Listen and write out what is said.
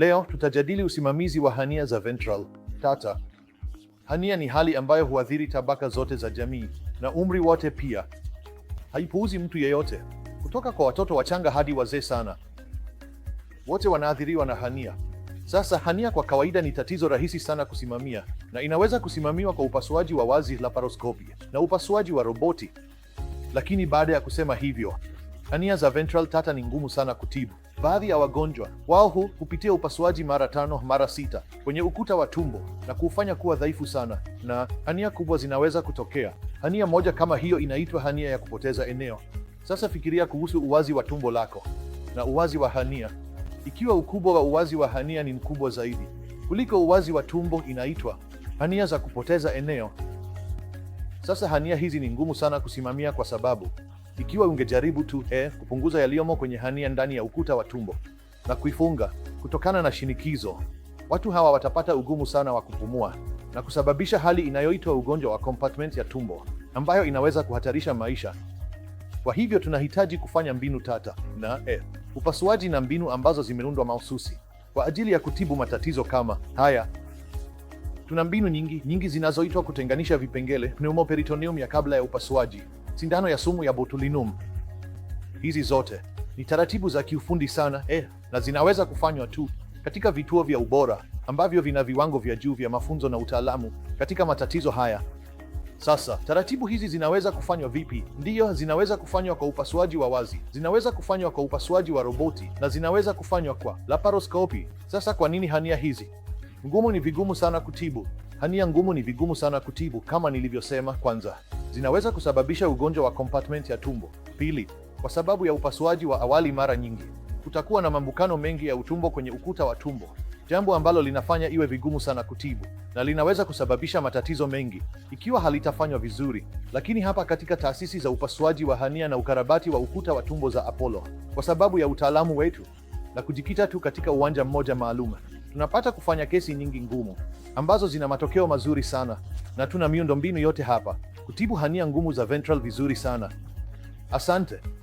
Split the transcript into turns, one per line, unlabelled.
Leo tutajadili usimamizi wa hania za ventral tata. Hania ni hali ambayo huathiri tabaka zote za jamii na umri wote pia. Haipuuzi mtu yeyote, kutoka kwa watoto wachanga hadi wazee sana, wote wanaathiriwa na hania. Sasa hania kwa kawaida ni tatizo rahisi sana kusimamia na inaweza kusimamiwa kwa upasuaji wa wazi laparoskopi na upasuaji wa roboti. Lakini baada ya kusema hivyo Hernia za ventral tata ni ngumu sana kutibu. Baadhi ya wagonjwa wao hupitia upasuaji mara tano mara sita kwenye ukuta wa tumbo na kuufanya kuwa dhaifu sana, na hernia kubwa zinaweza kutokea. Hernia moja kama hiyo inaitwa hernia ya kupoteza eneo. Sasa fikiria kuhusu uwazi wa tumbo lako na uwazi wa hernia. Ikiwa ukubwa wa uwazi wa hernia ni mkubwa zaidi kuliko uwazi wa tumbo, inaitwa hernia za kupoteza eneo. Sasa hernia hizi ni ngumu sana kusimamia kwa sababu ikiwa ungejaribu tu eh, kupunguza yaliyomo kwenye hania ndani ya ukuta wa tumbo na kuifunga kutokana na shinikizo, watu hawa watapata ugumu sana wa kupumua na kusababisha hali inayoitwa ugonjwa wa compartment ya tumbo ambayo inaweza kuhatarisha maisha. Kwa hivyo tunahitaji kufanya mbinu tata na eh, upasuaji na mbinu ambazo zimeundwa mahususi kwa ajili ya kutibu matatizo kama haya. Tuna mbinu nyingi nyingi zinazoitwa kutenganisha vipengele pneumoperitoneum ya kabla ya upasuaji sindano ya sumu ya botulinum. Hizi zote ni taratibu za kiufundi sana eh, na zinaweza kufanywa tu katika vituo vya ubora ambavyo vina viwango vya juu vya mafunzo na utaalamu katika matatizo haya. Sasa taratibu hizi zinaweza kufanywa vipi? Ndiyo, zinaweza kufanywa kwa upasuaji wa wazi, zinaweza kufanywa kwa upasuaji wa roboti na zinaweza kufanywa kwa laparoskopi. Sasa kwa nini hania hizi ngumu ni vigumu sana kutibu? Hania ngumu ni vigumu sana kutibu, kama nilivyosema kwanza zinaweza kusababisha ugonjwa wa compartment ya tumbo. Pili, kwa sababu ya upasuaji wa awali, mara nyingi kutakuwa na mambukano mengi ya utumbo kwenye ukuta wa tumbo, jambo ambalo linafanya iwe vigumu sana kutibu na linaweza kusababisha matatizo mengi ikiwa halitafanywa vizuri. Lakini hapa katika taasisi za upasuaji wa hania na ukarabati wa ukuta wa tumbo za Apollo, kwa sababu ya utaalamu wetu na kujikita tu katika uwanja mmoja maalum, tunapata kufanya kesi nyingi ngumu ambazo zina matokeo mazuri sana, na tuna miundo mbinu yote hapa kutibu hania ngumu za ventral vizuri sana. Asante.